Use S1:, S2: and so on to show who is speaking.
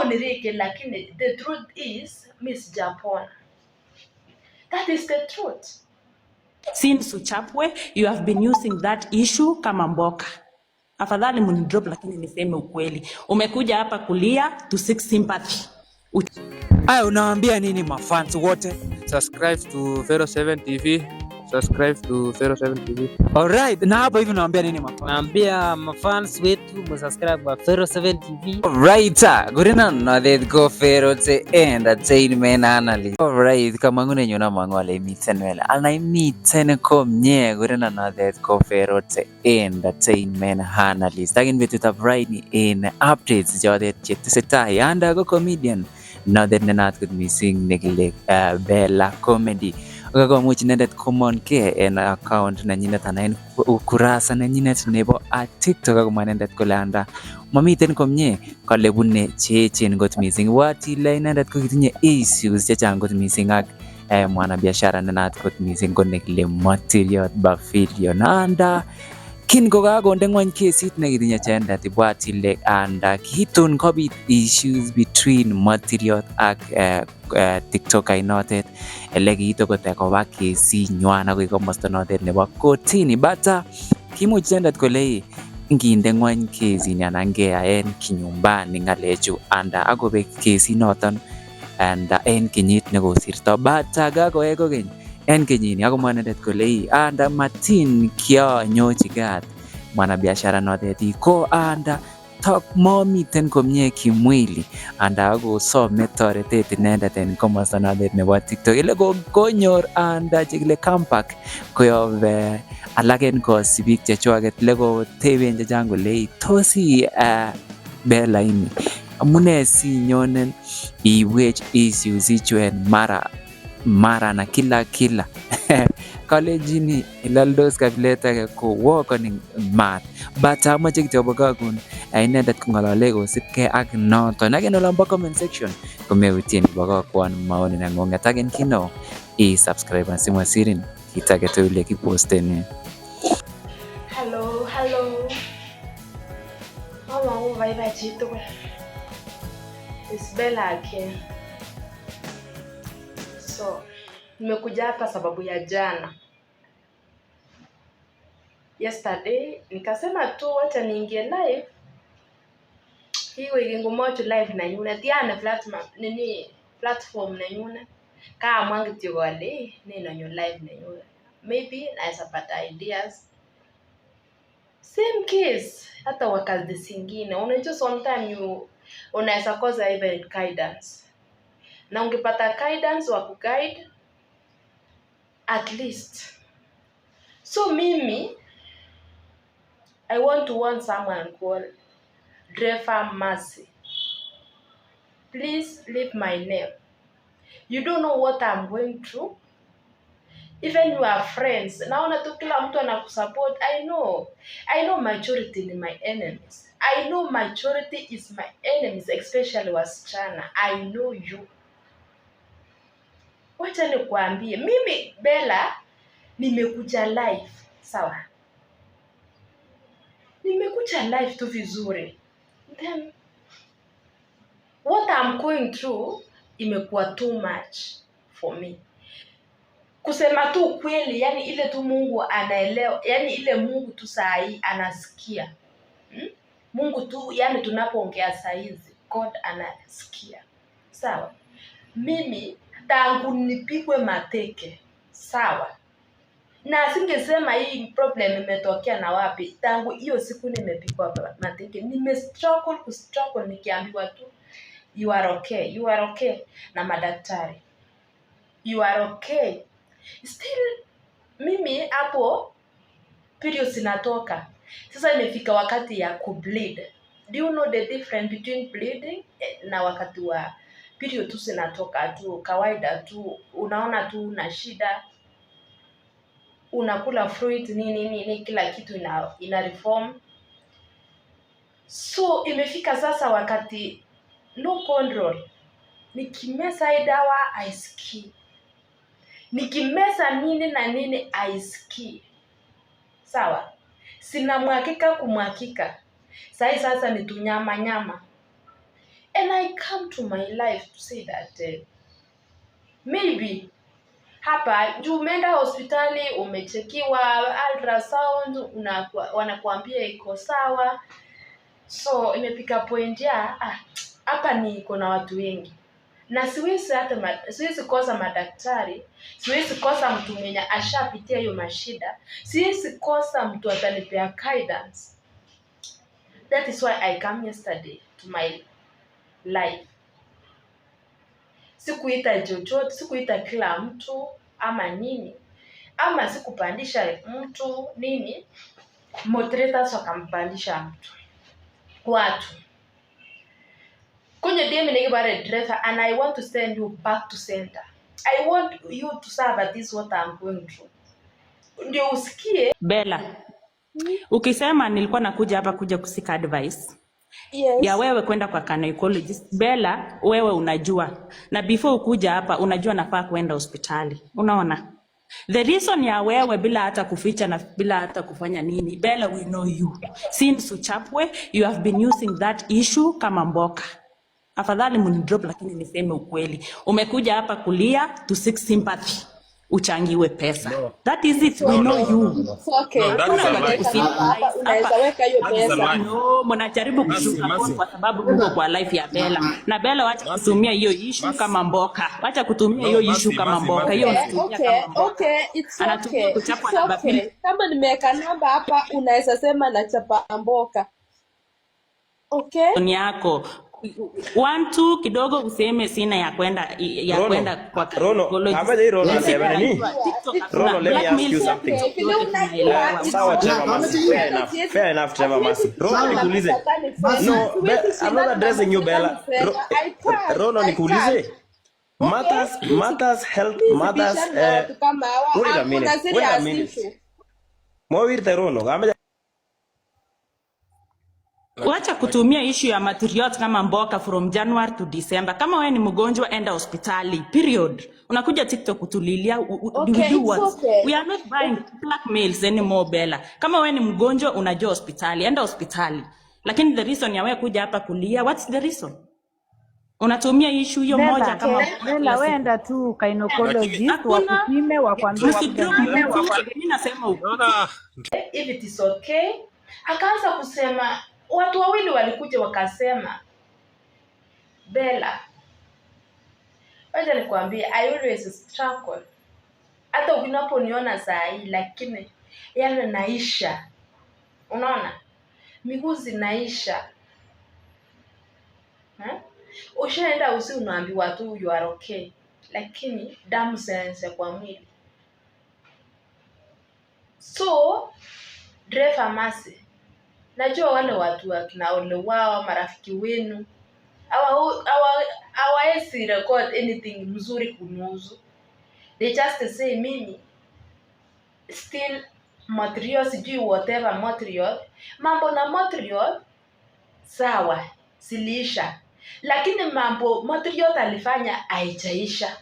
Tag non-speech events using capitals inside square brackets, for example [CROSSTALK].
S1: huo ni reggae lakini the truth is miss sijapona that is the truth
S2: since uchapwe you have been using that issue kama mboka afadhali mnidrop lakini niseme ukweli umekuja hapa kulia to seek sympathy
S3: haya unawambia nini mafans wote
S4: subscribe to Vero 7 TV subscribe to 07 TV.
S3: Alright, na hapa hivi naambia nini mafans?
S5: Naambia mafans wetu mu subscribe kwa 07 TV.
S3: Alright, gurina na the go fero te entertainment analyst. Alright, kama ngune nyona mangwale mitenwela. Ana miten ko mnye gurina na the go fero te entertainment analyst. Tagin bitu ni in updates the jodet chetesetai anda go comedian notet nenat kot missing nekile uh, Bella Comedy nendet komon ke en account nenyinet anan en kurasa nenyinet nebo TikTok akomwa inendet kole anda mamiten komie kale bune cheechen kot missing ibwat ile inendet kokitinye issues chechang kot missing ak eh, mwanabiashara nenaat kot missing ko nekile Motiriot Bafilio nanda kin kokakonde ngwony kesit nekitinye inendet, ibwat ile anda kitun kobit issues between motiriot ak uh, eh, uh, eh, tiktoker inotet ele kiit okot koba kesinywan akoi komosta notet nebo kotini bata ah, kimuch inendet kolei nginde ngwony kesini anan keyaen kinyumbani ngalechu anda akobek kesinoton anda en kenyit nekosirto bata ah, kakoe kokeny En yaani kenyini akomwa inendet kole anda matin kianyochi gaat mwanabiashara notet ko anda momiten komie kimwili anda akosome toretet inendet en komosta notet nebo TikTok. Ile konyor anda chekile comeback koyob alak en kosibik chechwaket ile koteben chechang kolei tos i eh, Bella ini amune sinyonen iwech issues ichu en mara mara na kila kila [LAUGHS] kolejini ilaldos kabilet age kowokoni maat but amoche kityo abakakun inendet kong'olole kosipkei ak noton ak en olonbo comment section komeutien ibakakwon maoni neng'ung'et ak en kino isubscribe asimwasirin kit age tugul yekiposteni
S1: Hello, hello. Amang'u baibai chitugul. Isabella again so nimekuja hapa sababu ya jana. Yesterday nikasema tu wacha niingie live hii wiki ngumochu live na nyuna tiana platform nini platform na nyuna kama mwangi tigole nino nyu live na nyuna maybe naweza pata ideas same case hata wakazi zingine unajua sometime you unaweza kosa even guidance na ungepata guidance wa kuguide at least. So mimi I want to warn someone call Drefa masi Please leave my name. You don't know what I'm going through. Even you are friends. Naona tu kila mtu anakusupport. I know. I know majority ni my enemies. I know majority is my enemies, especially wasichana. I know you wacha nikuambie, mimi Bella nimekuja life sawa? Nimekuja life tu vizuri, then what I'm going through imekuwa too much for me kusema tu kweli yani ile tu Mungu anaelewa, yani ile Mungu tu saa hii anasikia hmm? Mungu tu yani tunapoongea saa hizi God anasikia, sawa. Mimi tangu nipigwe mateke sawa na singesema hii problem imetokea na wapi tangu hiyo siku nimepigwa mateke nime struggle ku struggle nikiambiwa tu you are okay you are okay na madaktari you are okay still mimi hapo period zinatoka sasa imefika wakati ya ku bleed do you know the difference between bleeding eh, na wakati wa period tu zinatoka tu kawaida tu, unaona tu una shida, unakula fruit nini nini, kila kitu ina, ina reform. So imefika sasa wakati no control, nikimesa hii dawa haisikii, nikimesa nini na nini aiski sawa, sina mwakika kumwakika. sahii sasa ni tunyama nyama And I come to my life to say that uh, maybe hapa juu umeenda hospitali umechekiwa ultrasound una, wanakuambia iko sawa so imepika point ya ah, hapa ni iko na watu wengi na siwezi hata siwezi kosa madaktari siwezi kosa mtu mwenye ashapitia hiyo mashida siwezi kosa mtu atanipea guidance that is why i come yesterday to my life. Sikuita chochote, sikuita kila mtu ama nini, ama sikupandisha mtu nini. Moderators wakampandisha mtu watu kwenye DM nikibare driver and I want to send you back to center. I want you to serve at this what I'm going through. Ndio usikie
S2: bela hmm? Ukisema nilikuwa nakuja hapa kuja kusika advice Yes. ya wewe kwenda kwa gynecologist. Bella, wewe unajua na before ukuja hapa unajua nafaa kwenda hospitali, unaona the reason ya wewe bila hata kuficha na bila hata kufanya nini. Bella, we know you since uchapwe, you have been using that issue kama mboka. Afadhali mnidrop, lakini niseme ukweli, umekuja hapa kulia to seek sympathy uchangiwe pesa. Mnajaribu kwa sababu uko kwa life ya bela Na bela wacha kutumia hiyo ishu kama mboka. Wacha kutumia hiyo ishu eh, kama mboka.
S1: Hiyo kama nimeweka namba hapa, unaweza sema nachapa mboka. Okay.
S2: yako one two kidogo useme sina ya kwenda ya kwenda kwa ah, Rono.
S6: Amaje hii Rono anasema nini? Rono, let me ask you something. Sawa Trevor Masi. Fair enough. Fair enough Trevor Masi. Rono nikuulize. No, I'm not addressing you Bella. Rono nikuulize. Matters, mothers health, matters. Uh, wait a minute. Wait a minute. Mwawirte Rono. Amaje
S2: Wacha kutumia ishu ya matriot kama mboka from January to December. Kama wewe ni mgonjwa enda hospitali. Period. Unakuja TikTok kutulilia. Okay, Okay. We are not buying blackmails anymore Bella. Kama wewe ni mgonjwa unajua hospitali, enda hospitali. Lakini the reason ya wewe kuja hapa kulia, what's the reason? Unatumia ishu hiyo moja kama
S1: Bella, wewe enda tu gynecologist wakupime, wakwambie. Mimi nasema hivi, it's okay. Akaanza kusema Watu wawili walikuja wakasema, Bella, wacha nikwambie, I always struggle. Hata ukinaponiona saa hii, lakini yale naisha, unaona miguu zinaisha ha? Hmm? Ushaenda usi, unaambiwa tu you are okay, lakini damu zinaanza kwa mwili so drive masi najua wale watu wakina Ole Wao, marafiki wenu hawawezi record anything mzuri kunuzu they just say mimi still material sijui whatever material mambo na material sawa siliisha lakini mambo material alifanya haijaisha